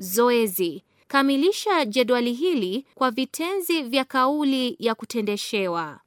Zoezi: kamilisha jedwali hili kwa vitenzi vya kauli ya kutendeshewa.